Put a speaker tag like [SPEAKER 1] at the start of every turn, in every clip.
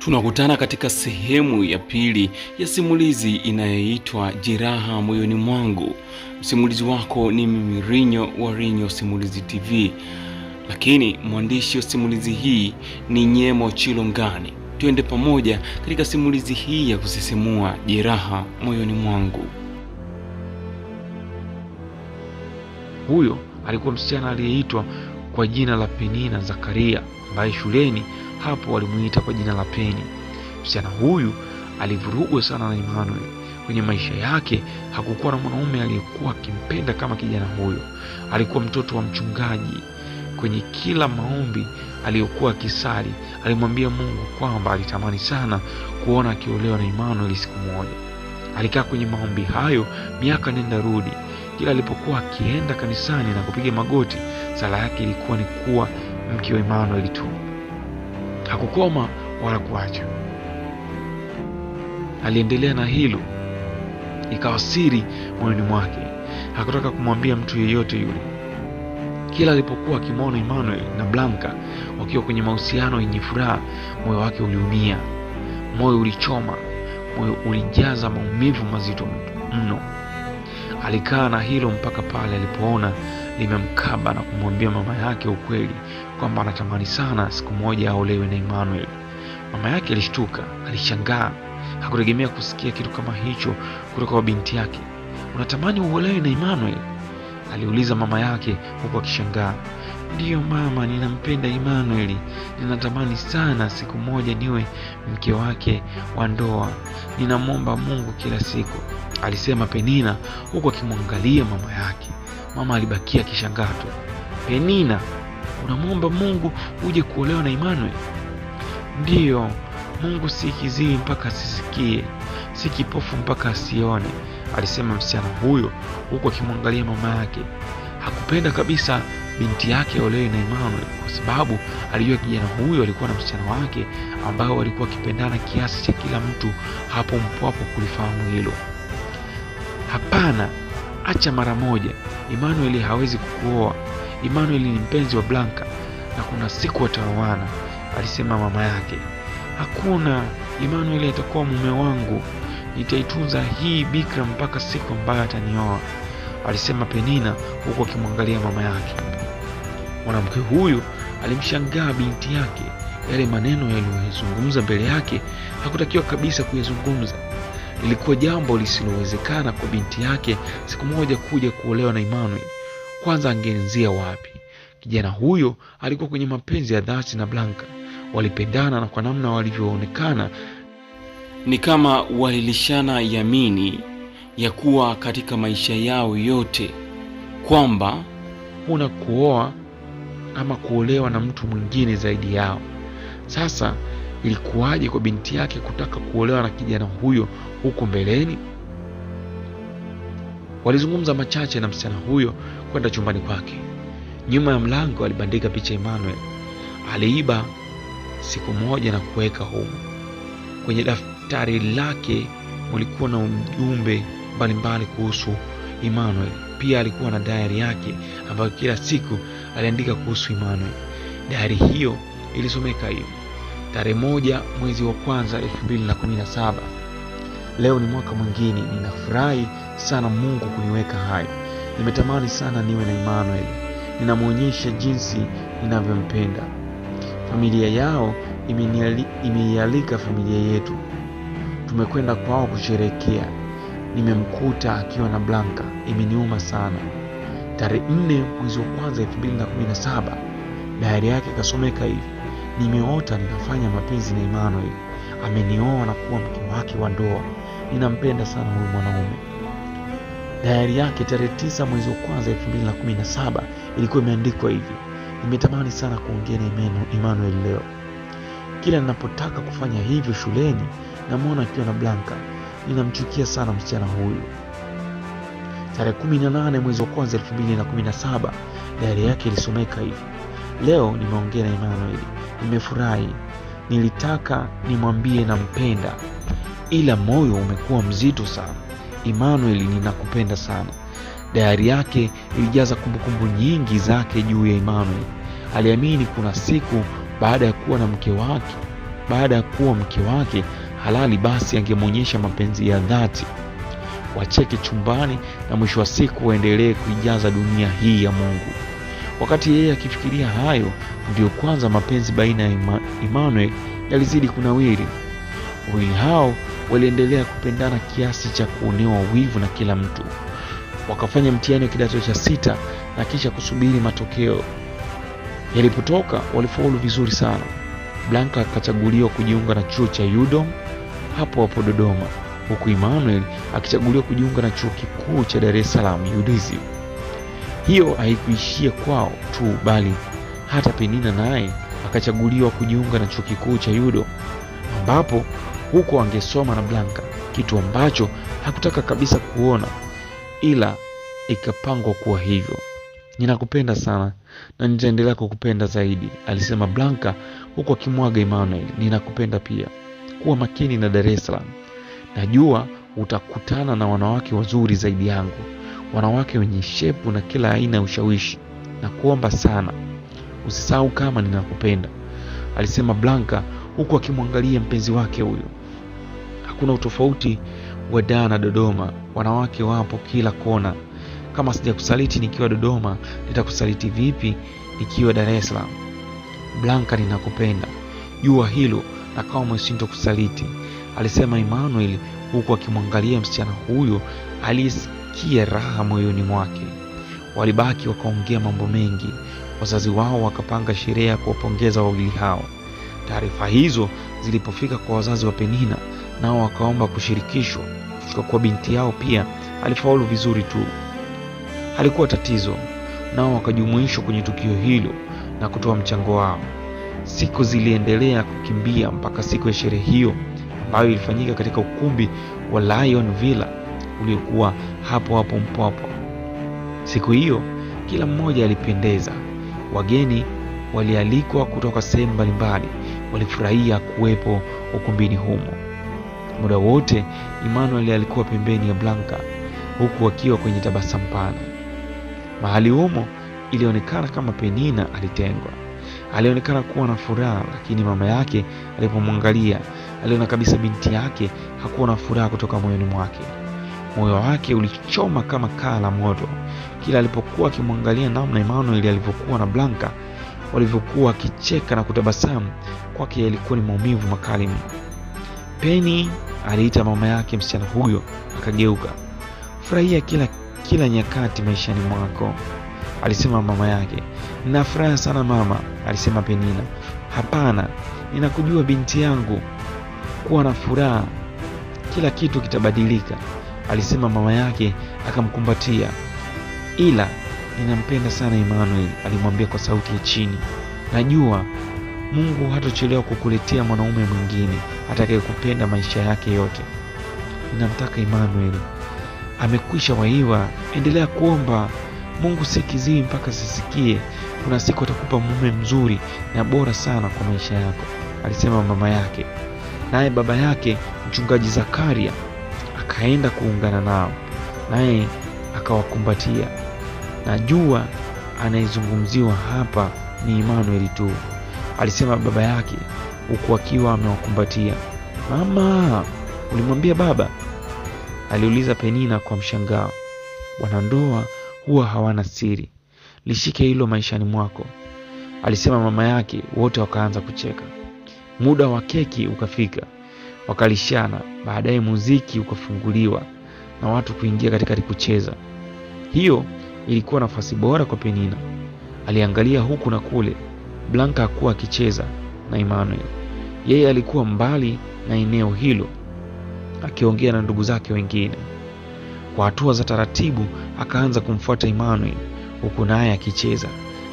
[SPEAKER 1] Tunakutana katika sehemu ya pili ya simulizi inayoitwa Jeraha Moyoni Mwangu. Msimulizi wako ni mimi Rinyo wa Rinyo Simulizi TV, lakini mwandishi wa simulizi hii ni Nyemo Chilongani. Tuende pamoja katika simulizi hii ya kusisimua Jeraha Moyoni Mwangu. Huyo alikuwa msichana aliyeitwa kwa jina la Penina Zakaria ambaye shuleni hapo walimwita kwa jina la Peni. Msichana huyu alivurugwa sana na Emmanuel. Kwenye maisha yake hakukuwa na mwanaume aliyekuwa akimpenda kama kijana huyo. Alikuwa mtoto wa mchungaji. Kwenye kila maombi aliyokuwa akisali, alimwambia Mungu kwamba alitamani sana kuona akiolewa na Emmanuel siku moja. Alikaa kwenye maombi hayo miaka nenda rudi. Kila alipokuwa akienda kanisani na kupiga magoti, sala yake ilikuwa ni kuwa mke wa Emmanuel tu hakukoma wala kuacha. Aliendelea na hilo, ikawa siri moyoni mwake, hakutaka kumwambia mtu yeyote yule. Kila alipokuwa akimwona Emmanuel na blanka wakiwa kwenye mahusiano yenye furaha, moyo wake uliumia, moyo ulichoma, moyo ulijaza maumivu mazito mno. Alikaa na hilo mpaka pale alipoona limemkaba na kumwambia mama yake ukweli kwamba anatamani sana siku moja aolewe na Emmanuel. Mama yake alishtuka, alishangaa, hakutegemea kusikia kitu kama hicho kutoka kwa binti yake. Unatamani uolewe na Emmanuel? aliuliza mama yake huku akishangaa. Ndiyo mama, ninampenda Emmanuel. Ninatamani sana siku moja niwe mke wake wa ndoa. Ninamwomba Mungu kila siku, alisema Penina huku akimwangalia mama yake. Mama alibakia kishangato Penina, unamwomba Mungu uje kuolewa na Emmanuel? Ndiyo, Mungu si kiziwi mpaka asisikie, si kipofu mpaka asione, alisema msichana huyo huku akimwangalia mama yake hakupenda kabisa binti yake aolewe na Emmanuel kwa sababu alijua kijana huyo alikuwa na msichana wake ambao walikuwa wakipendana kiasi cha kila mtu hapo mpwapo kulifahamu hilo. Hapana, acha mara moja. Emmanuel hawezi kukuoa. Emmanuel ni mpenzi wa Blanca na kuna siku wataoana, alisema mama yake. Hakuna, Emmanuel atakuwa mume wangu. Nitaitunza hii bikra mpaka siku ambayo atanioa alisema Penina huku akimwangalia mama yake. Mwanamke huyu alimshangaa binti yake. Yale maneno yaliyozungumza mbele yake hakutakiwa kabisa kuyazungumza. Lilikuwa jambo lisilowezekana kwa binti yake siku moja kuja kuolewa na Emmanuel. Kwanza angeanzia wapi? Kijana huyo alikuwa kwenye mapenzi ya dhati na Blanka. Walipendana na kwa namna walivyoonekana
[SPEAKER 2] ni kama walilishana yamini ya kuwa katika maisha yao yote kwamba huna kuoa ama kuolewa na mtu mwingine zaidi yao. Sasa ilikuwaje kwa binti yake kutaka kuolewa na kijana huyo huku mbeleni? Walizungumza machache na msichana huyo kwenda chumbani kwake. Nyuma ya mlango alibandika picha Emmanuel aliiba siku moja na kuweka humo. Kwenye daftari lake ulikuwa na ujumbe mbalimbali kuhusu Emmanuel. Pia alikuwa na dayari yake ambayo kila siku aliandika kuhusu Emmanuel. Dayari hiyo ilisomeka hivi: tarehe moja mwezi wa kwanza elfu mbili na kumi na saba. Leo ni mwaka mwingine, ninafurahi sana Mungu kuniweka hai. Nimetamani sana niwe na Emmanuel, ninamwonyesha jinsi ninavyompenda. Familia yao imeialika familia yetu, tumekwenda kwao kusherekea nimemkuta akiwa na Blanka, imeniuma sana. Tarehe nne mwezi wa kwanza elfu mbili na kumi na saba dayari yake ikasomeka hivi: nimeota ninafanya mapenzi na Emmanuel, amenioa na kuwa mke wake wa ndoa, ninampenda sana huyu mwanaume. Dayari yake tarehe tisa mwezi wa kwanza elfu mbili na kumi na saba ilikuwa imeandikwa hivi: nimetamani sana kuongea na Emmanuel leo, kila ninapotaka kufanya hivyo shuleni namwona akiwa na Blanka ninamchukia sana msichana huyu. Tarehe 18 mwezi wa kwanza 2017 diary yake ilisomeka hivi: leo nimeongea na Emmanuel, nimefurahi. Nilitaka nimwambie nampenda, ila moyo umekuwa mzito sana. Emmanuel, ninakupenda sana. Dayari yake ilijaza kumbukumbu nyingi zake juu ya Emmanuel. Aliamini kuna siku baada ya kuwa na mke wake, baada ya kuwa mke wake halali, basi angemwonyesha mapenzi ya dhati, wacheke chumbani, na mwisho wa siku waendelee kuijaza dunia hii ya Mungu. Wakati yeye akifikiria hayo, ndiyo kwanza mapenzi baina ya Emmanuel yalizidi kunawiri. Wawili hao waliendelea kupendana kiasi cha kuonewa wivu na kila mtu. Wakafanya mtihani wa kidato cha sita na kisha kusubiri matokeo. Yalipotoka, walifaulu vizuri sana. Blanka akachaguliwa kujiunga na chuo cha UDOM hapo hapo Dodoma, huku Emmanuel akichaguliwa kujiunga na chuo kikuu cha Dar es Salaam UDSU. Hiyo haikuishia kwao tu, bali hata Penina naye akachaguliwa kujiunga na chuo kikuu cha UDOM ambapo huko angesoma na Blanka, kitu ambacho hakutaka kabisa kuona, ila ikapangwa kuwa hivyo. Ninakupenda sana na nitaendelea kukupenda zaidi, alisema Blanka huku akimwaga Emmanuel, ninakupenda pia. Kuwa makini na Dar es Salaam, najua utakutana na wanawake wazuri zaidi yangu, wanawake wenye shepu na kila aina ya ushawishi. Nakuomba sana usisahau kama ninakupenda, alisema Blanka huku akimwangalia mpenzi wake huyo. Hakuna utofauti wa Dar na Dodoma, wanawake wapo kila kona. Kama sijakusaliti nikiwa Dodoma, nitakusaliti vipi nikiwa Dar es Salaam? Blanka, ninakupenda, jua hilo, na kamwe kusaliti alisema Emmanuel huku akimwangalia msichana huyo aliyesikia raha moyoni mwake. Walibaki wakaongea mambo mengi. Wazazi wao wakapanga sherehe ya kuwapongeza wawili hao. Taarifa hizo zilipofika kwa wazazi wa Penina, nao wakaomba kushirikishwa kwa kuwa binti yao pia alifaulu vizuri tu, halikuwa tatizo, nao wakajumuishwa kwenye tukio hilo na kutoa mchango wao. Siku ziliendelea kukimbia mpaka siku ya sherehe hiyo ambayo ilifanyika katika ukumbi wa Lion Villa uliokuwa hapo hapo Mpwapwa. Siku hiyo kila mmoja alipendeza. Wageni walialikwa kutoka sehemu mbalimbali, walifurahia kuwepo ukumbini humo. Muda wote Emmanuel alikuwa pembeni ya Blanca, huku akiwa kwenye tabasamu pana mahali humo ilionekana kama Penina alitengwa. Alionekana kuwa na furaha, lakini mama yake alipomwangalia aliona kabisa binti yake hakuwa na furaha kutoka moyoni mwake. Moyo wake ulichoma kama kaa la moto kila alipokuwa akimwangalia namna Emmanuel alivyokuwa na Blanka walivyokuwa akicheka na kutabasamu kwake, yalikuwa ni maumivu makali. mno Peni aliita mama yake msichana huyo akageuka. Furahia kila kila nyakati maishani mwako alisema mama yake. na furaha sana mama, alisema Penina. Hapana, ninakujua binti yangu, kuwa na furaha, kila kitu kitabadilika, alisema mama yake akamkumbatia. Ila ninampenda sana Emmanuel, alimwambia kwa sauti ya chini. Najua Mungu hatochelewa kukuletea mwanaume mwingine atakayekupenda maisha yake yote. Ninamtaka Emmanuel, amekwisha waiwa. Endelea kuomba. Mungu sikizii mpaka sisikie. Kuna siku atakupa mume mzuri na bora sana kwa maisha yako, alisema mama yake. Naye baba yake mchungaji Zakaria akaenda kuungana nao, naye akawakumbatia. Najua anayezungumziwa hapa ni Emmanuel tu, alisema baba yake huku akiwa amewakumbatia. Mama, ulimwambia baba? aliuliza Penina kwa mshangao. Wanandoa huwa hawana siri. Lishike hilo maishani mwako, alisema mama yake. Wote wakaanza kucheka. Muda wa keki ukafika, wakalishana. Baadaye muziki ukafunguliwa na watu kuingia katikati kucheza. Hiyo ilikuwa nafasi bora kwa Penina. Aliangalia huku na kule. Blanka hakuwa akicheza na Emmanuel, yeye alikuwa mbali na eneo hilo akiongea na ndugu zake wengine. Kwa hatua za taratibu akaanza kumfuata Emmanuel huku naye akicheza.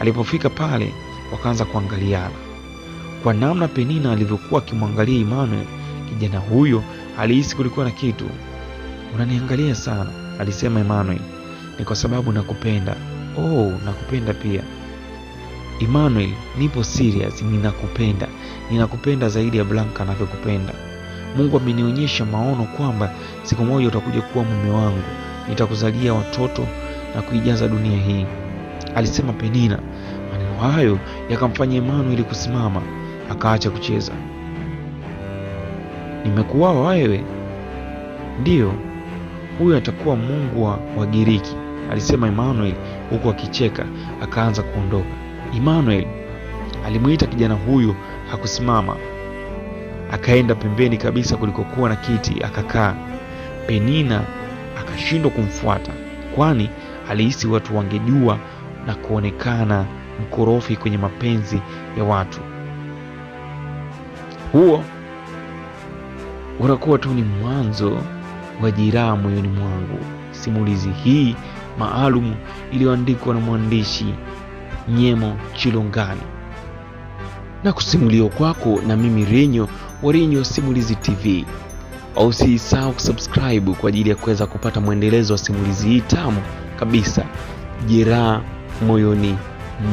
[SPEAKER 2] Alipofika pale, wakaanza kuangaliana kwa namna Penina alivyokuwa akimwangalia Emmanuel. Kijana huyo alihisi kulikuwa na kitu. Unaniangalia sana, alisema Emmanuel. Ni kwa sababu nakupenda. Oh, nakupenda pia Emmanuel, nipo serious, ninakupenda, ninakupenda zaidi ya Blanka anavyokupenda. Mungu amenionyesha maono kwamba siku moja utakuja kuwa mume wangu, nitakuzalia watoto na kuijaza dunia hii, alisema Penina. Maneno hayo yakamfanya Emanueli kusimama, akaacha kucheza. Nimekuoa wewe? Ndiyo, huyo atakuwa mungu wa Wagiriki, alisema Emanueli huku akicheka. Akaanza kuondoka. Emanueli alimwita kijana huyu, hakusimama akaenda pembeni kabisa kulikokuwa na kiti akakaa. Penina akashindwa kumfuata, kwani alihisi watu wangejua na kuonekana mkorofi kwenye mapenzi ya watu. Huo unakuwa tu ni mwanzo wa jiraha moyoni mwangu. Simulizi hii maalum iliyoandikwa na mwandishi Nyemo Chilongani na kusimuliwa kwako na mimi Renyo Warinyu Simulizi TV. Usisahau kusubscribe kwa ajili ya kuweza kupata mwendelezo wa simulizi hii tamu kabisa, Jeraha Moyoni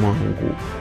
[SPEAKER 2] Mwangu.